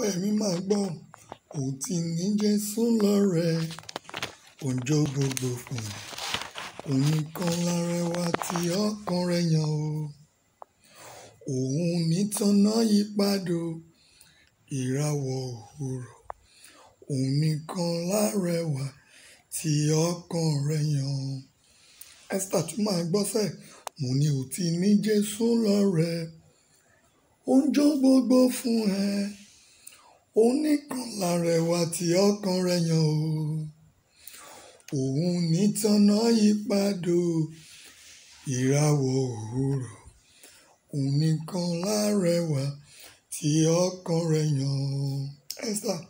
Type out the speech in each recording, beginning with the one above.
ọpẹ́ mi máa gbọ́. Òtí ní Jésù lọ́rẹ, òjò gbogbo fún. Òun nìkan lárẹwà tí ọkàn rẹ̀ yàn o. Òun nìtaná yípadò, ìràwọ̀ òwúrọ̀. Òun nìkan lárẹwà tí ọkàn rẹ̀ yàn. Esther tún máa gbọ́sẹ̀. Mo ní òtí ní Jésù lọ́rẹ, òjò gbogbo fún ẹ oníkan làrẹ̀wà tí ọkàn rẹ̀ yàn o òun nìtànà yípadò ìràwọ̀ òwúrọ̀ òun nìkan lárẹ̀wà tí ọkàn rẹ̀ yàn Esther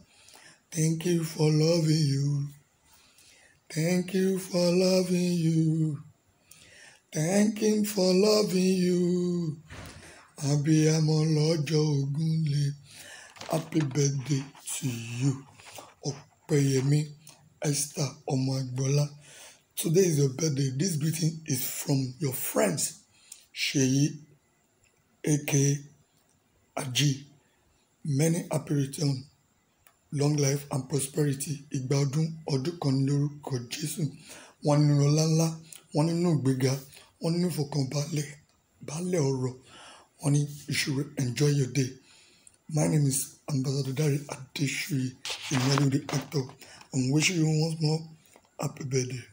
thank you for loving you thank you for loving you thank him for loving you àbíyamọ lọ́jọ́ ogun lè. Happy birthday to you, Opeyemi Esther Omoagboola. Today is your birthday. This greeting is from your friends, Sheyi, aka Aji. Many happy returns, long life and prosperity. Ìgbà ọdún ọdún kan ní lórúkọ Jésù. Wọ́n nínú ọlá ńlá, wọ́n nínú ìgbéga, wọ́n nínú ìfọ̀kànbalẹ̀, balẹ̀ ọ̀rọ̀. ní you should enjoy your day. My name is Ambassador Dari Adeshri, a melody actor. I'm wishing you once more happy birthday.